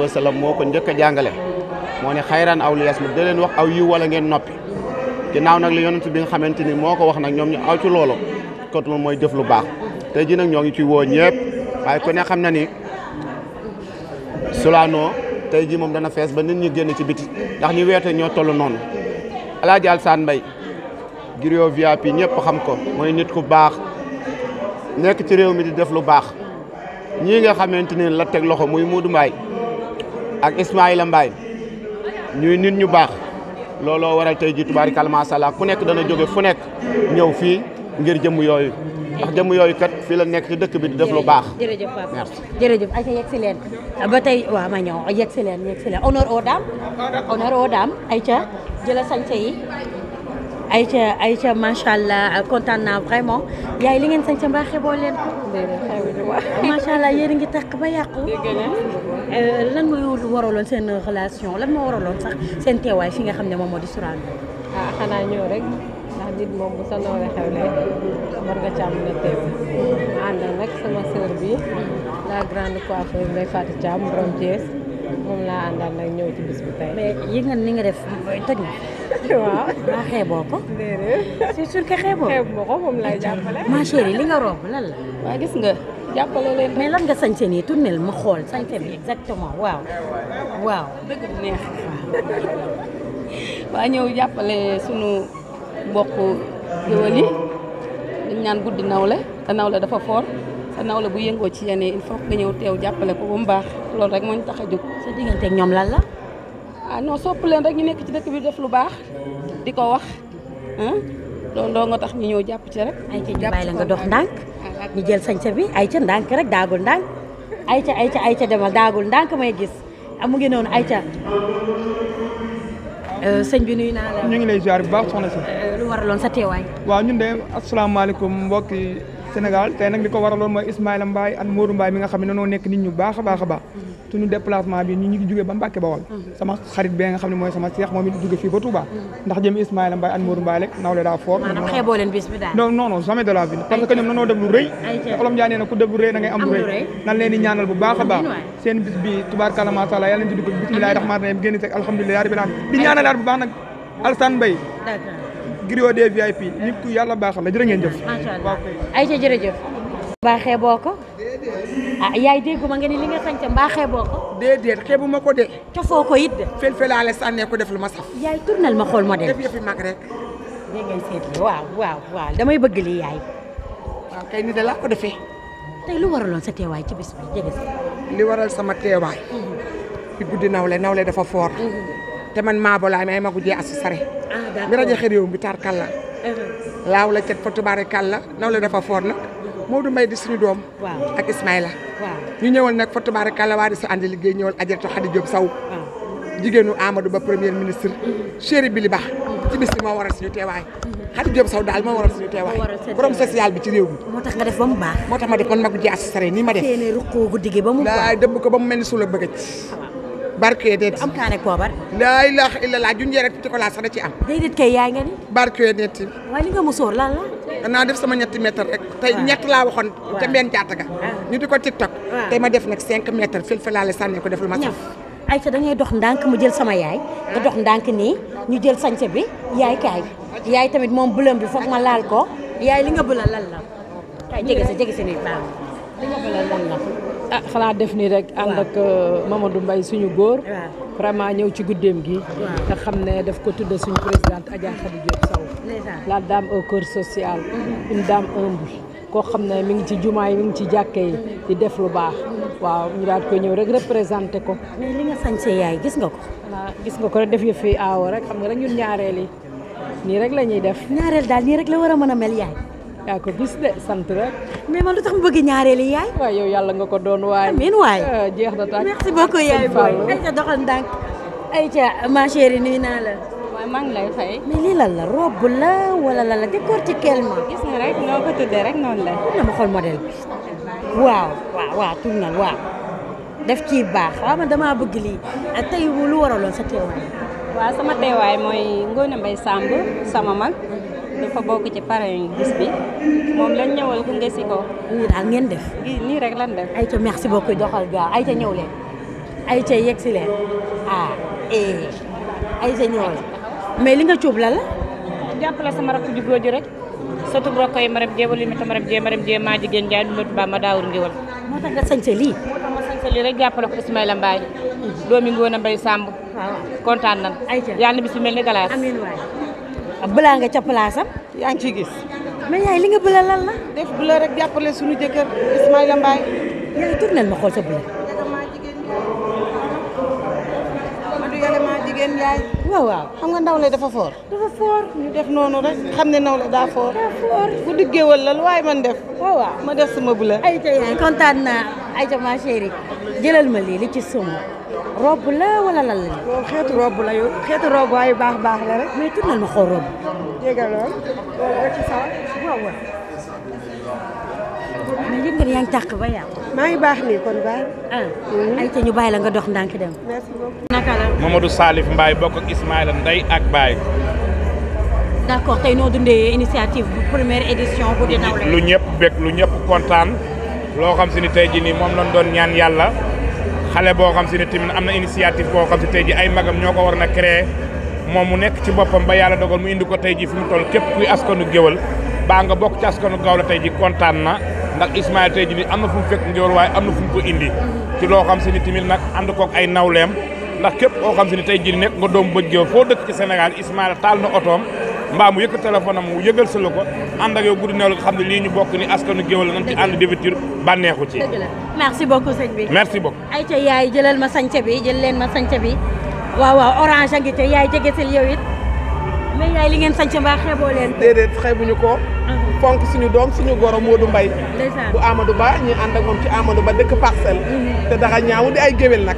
wa sallam moo ko njëkk a jàngale moo ne xayraan aw liyaas mu da leen wax aw yiw wala ngeen noppi ginnaaw nag li yonent bi nga xamante ni moo ko wax nag ñoom ñu aw ci loolu mooy jëf lu baax tey jii nag ñoo ngi ci woo ñëpp waaye ku ne xam na ni Sorano tey jii moom dana fees ba nit ñi génn ci biti ndax ñu weete ñoo toll noonu El Hadj Alassane Mbaye griot VIP ñëpp xam ko mooy nit ku baax nekk ci réew mi di def lu baax ñii nga xamante ni la teg loxo muy Modou ak Ismaïla Mbaye ñuy nit ñu baax looloo waral tey jii tubaarikàlla macha allah ku nekk dana jóge fu nekk ñëw fii ngir jëmm yooyu ndax jëmm yooyu kat fii la nekk ci dëkk bi di def lu baax. jërëjëf Pape merci jërëjëf ayca yegg si leen ba tey waaw ma ñëw yegg si leen yegg si leen honneur aux dames honneur aux dames ayca jëla sañse yi ayca ayca macha allah kontaan naa vraiment yaay li ngeen sañse mbaaxee boo quoi. macha allah yéen a ngi takk ba yàqu. Euh, lan mooy waraloon seen relation lan moo waraloon sax seen teewaay fi nga xam ne moom moo di Sorano. ah xanaa ñëw rek ndax nit moom bu sa noore xewlee war sama sœur bi la grande coiffeuse Ndeye ñëw ci bis bi nga def toj na. waaw maa xeeboo ko. déedéet c'est sûr xeeb ma ko moom laay jàppale. li nga romb lan la. waa gis nga. jàppale leen mais lan nga sañse nii tournel ma xool sañse bi exactement waaw waaw neex waa ñëw jàppale sunu mbokk géwël yi dañ naan guddi nawle te nawle dafa foor sa nawle bu yëngoo ci yenn il nga ñëw teew jàppale ko ba mu baax loolu rek moo tax a jóg sa diggante ñoom lan la ah non sopp leen rek ñu nekk ci dëkk bi def lu baax di ko wax loolu doo nga tax ñu ñëw jàpp ci rek ay ci bàyyi la nga dox ndànk ñu jël sañse bi ayca ndànk rek daagul ndànk ayca ayca ayca demal daagul ndànk may gis amu ah, ngi noonu ayca. Euh, sëñ bi nuyu naa la. ñu ngi lay ziar bu baax soxna si. Euh, lu waraloon de asalaamaaleykum mbokk yi Sénégal tay nak liko ko waraloon mooy Ismaïla Mbaye ak Modou Mbaye mi nga xamni nono nek nit ñu baaxa baaxa ba suñu déplacement bi ñu ngi joggé ba Mbacké Bawol sama xarit bi nga xamni moy sama Cheikh momi it fi fii ba Touba ndax jëm Ismaïla Mbaye ak Modou Mbaye rek naw le daa fort non non non jamais de la vie parce que ñom nono deb lu reuy xolam Njaay na ku deb lu reuy da ngay am lu reuy nan leen di ñaanal bu baaxa ba seen bis bi tubaarkàlla ma sha Allah yàlla nañ ci bismillahir rahmanir rahmaani rahim génn teg alhamdulillahi rabbil alamin di ñaanalaat bu baax nag Alassane Mbaye griot des VIP nit ku yàlla baaxal la jërë ngeen jëf. macha ay ca jërëjëf. mbaaxee boo ko. ah yaay dégguma nga ni li nga sañte mbaaxee boo ko. déedéet xeebu ma ko de. cofoo ko it de. fel felaale sànnee ko def lu ma saf. yaay tournal ma xool modèle. def yëfi waaw waaw damay bëgg li yaay. waaw kay ni de laa ko defee. tey lu waraloon sa teewaay ci bis bi jege si. li waral sama teewaay. Mm-hmm. ci guddi nawle nawle dafa fort. Mm-hmm. te man maa bolaay may magu jee asu sare ah, mi rajo xëréew bi tar kalla uh-huh. laaw la cat fa tubaare kalla naw la dafa foor nag Maodo Mbaye di suñu doom ak Ismaïla ñu ñëwal nag fa tubaare kalla waa di su ànd liggéey ñëwal ajaratu Xadi Jóob Saw jigéenu Amadou Ba premier ministre mm-hmm. chéri Bili Ba ci bis moo moo waral suñu teewaay mm-hmm. Xadi Jóob Saw daal moo a suñu teewaay borom social bi ci réew mi moo tax nga def ba mu baax moo ma def man magu jee asu sare nii ma def ruqoo guddi gi ba mu ko ba mu mel ni suul ak bëgëj barke de. am kaane poobar. laa ilaaha rek junjee ko laa sax da ci am. déedéet kay yaay nga ni. barke de. waaye li nga musóor lan la. naa def sama ñetti mètre rek. tey ah. ñett laa waxoon. te benn jaata ga. Ah. ñu di ko tiktok. Ah. tey ma def nag cinq mètre fil fa laa la sànnee ko def lu ma saf. Aïcha da ngay dox ndànk mu jël sama yaay. nga dox ndànk nii ñu jël sañse bi yaay kaay. yaay tamit moom bëlëm bi foog ma laal ko. yaay li nga bëla lan la. kay jege sa jege sa nuyu baax li nga ah xanaa def nii rek ànd ak euh, Mamadou Mbaye suñu góor vraiment ñëw ci guddeem gi te xam daf ko tudde suñu présidente Adja Khady Diop la dame au cœur social mhm. une dame humble koo xam mi ngi ci jumaa yi mi ngi ci jàkke yi mhm. di def lu baax mhm. waaw ñu daal ko ñëw rek représenté ko mais li nga yaay gis nga ko gis nga ko def fi rek xam nga rek ñun rek def rek la mel yaay Ya ko gis de sant rek. mais man lutax mu bëgg aku yaay. waaw yow yalla nga ko doon way amin way eh, jeex na tàkk. merci beaucoup yaay ay ca doxal ay ca ma chéri ni na la. way maa ngi lay ya, fay. mais li la la robe la wala la la ma gis nga rek noo ko rek non la. na ma xol model bi. waaw waaw tout na waaw. def ci bax waaw man damaa bëgg lii tey lu waralon sa teewaay. waaw sama teewaay mooy Ngoné Mbaye Samb sama mag dafa bokk ci parrain bis bi moom lañ ñëwal gunge si ko. nii daal ngeen def. nii rek lan def. ayca merci beaucoup doxal gaaw ayca ñëw ay ayca yegg si leen ah eh ayca ñëwal mais li nga cuub la la. jàppale sama rakk ju rek. surtout rokko yi ma rem jéem a lim itam ma rem jéem a rem jéem maa jigéen jaay ma tubaab ma daawul ngiwal. moo tax nga sañse lii. moo tax ma sañse lii rek jàppale ko Ismaïla Samb. kontaan nañu. ayca yàlla bi bis mel ni galaas. amiin waay nga ca palaasam. yaa ngi ciy gis. mais yaay li nga bëla lan la. def bëla rek jàppale suñu jëkkër Ismaïla Mbaye. yaay tournel ma xool sa bëla. ngeen yaay. waaw waaw xam nga ndawle dafa foor. dafa foor ñu def noono rek xam ne ndawle daa foor. daa foor bu diggee wala waaye man def. waaw ma def sama bu la. ay yaay kontaan naa ayca ma chérie ma lii li ci suma rob la wala lan la. loolu xeetu rob la yow xeetu rob waayu baax baax la rek. mais tur na ma xool rob. mais yëpp yaa ngi tàq ba yàqu. maa ngi baax nii kon baax. ah mhm. ay ca ñu bàyyi la nga dox ndànk dem. merci beaucoup. naka la. Mamadou bokk ak Ismaïla Ndeye ak Baye. d' accord noo dundee initiative bu première édition lu ñëpp bég lu ñëpp kontaan loo xam si ni tey jii nii moom lañ doon ñaan yàlla xale boo xam si ni tamit am na initiative boo xam si tey jii ay magam ñoo ko war na crée moom mu nekk ci boppam ba yàlla dogal mu indi ko tey jii fi mu toll képp kuy askanu géwal baa nga bokk ci askanu Gawla tey ji kontaan na ndax Ismaïla ji ni am na fu mu fekk njool waaye am na fu mu ko indi ci loo xam si ni tamit nag ànd koog ay nawleem ndax képp koo xam si ni tey ji nekk nga doom bëj géew foo dëkk ci Sénégal Ismaïla taal na otoom mbaa mu yëkk téléphone am mu yëgal sa la ko guddi neew xam ne lii bokk ni askanu géwél la nañ ci ànd deviture ci merci beaucoup ay ca yaay jëlal ma sañca bi jël leen ma sañca bi waaw a ngi te mais yaay li ngeen sañ ca mbaa xeeboo leen. déedéet xeebuñu ko. Ah fonk suñu doom suñu goro Modou Mbaye bu Amadou Ba ñu ànd ak moom ci Amadou Ba dëkk parcelle mhm. te dara ñaaw di ay géwél nag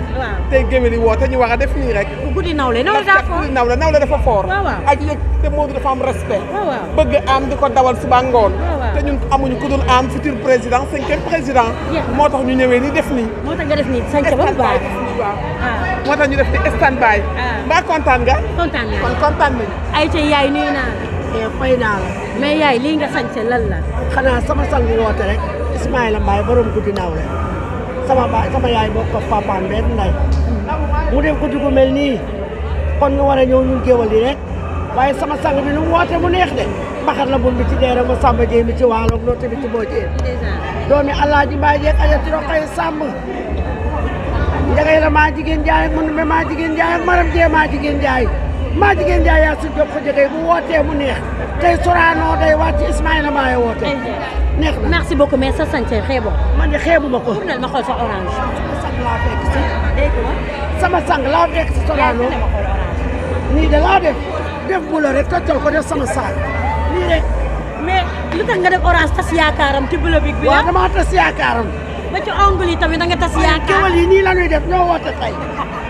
tey géwél yi woote ñu war a def nii rek guddi naw la naw la dafa fort ak yëg te Modou dafa am respect bëgg am di ko dawal suba ngoon te ñun amuñu ku dul am futur président cinquième président moo tax ñu ñëwee ni def nii moo tax nga def nii ah. moo tax ñu def ni stand ah. ba kontaan nga kontaan naa nañu Eh, fay naa la. mais yaay lii nga sañse lan la. xanaa sama sang woote rek Ismaïla Mbaye borom guddi naaw la sama baay sama yaay bokk ak papaam benn ndey mu def guddi gu mel nii kon ñu war a ñëw ñun géwal yi rek waaye sama sang bi lu woote mu neex de baxar la bun bi ci deere ma sàmba jéem ci waaloog loolu tamit boo jéem doomi alaaji mbaay jeeg aja ci roqay sàmb njagay la maa jigéen jaay ak mun ma maa jigéen jaay ak jee maa jaay maa jigéen jaay yaa si jóg ko jege bu wootee mu neex tey Sorano day wàcc Ismaïla Mbaye woote. neex na merci beaucoup mais sa sañse xeeboo. man de xeebu ma ko. tournel ma xool sa orange. sama sang laa fekk si. nii de laa def def bu rek toccal ko def sama sang nii rek. mais lu tax nga orange tas yaakaaram ci bulo bi. waaw ah? damaa tas yaakaaram. ba ci ongle tamit da nga tas yaakaar. kewal yi nii la def ñoo woote tey.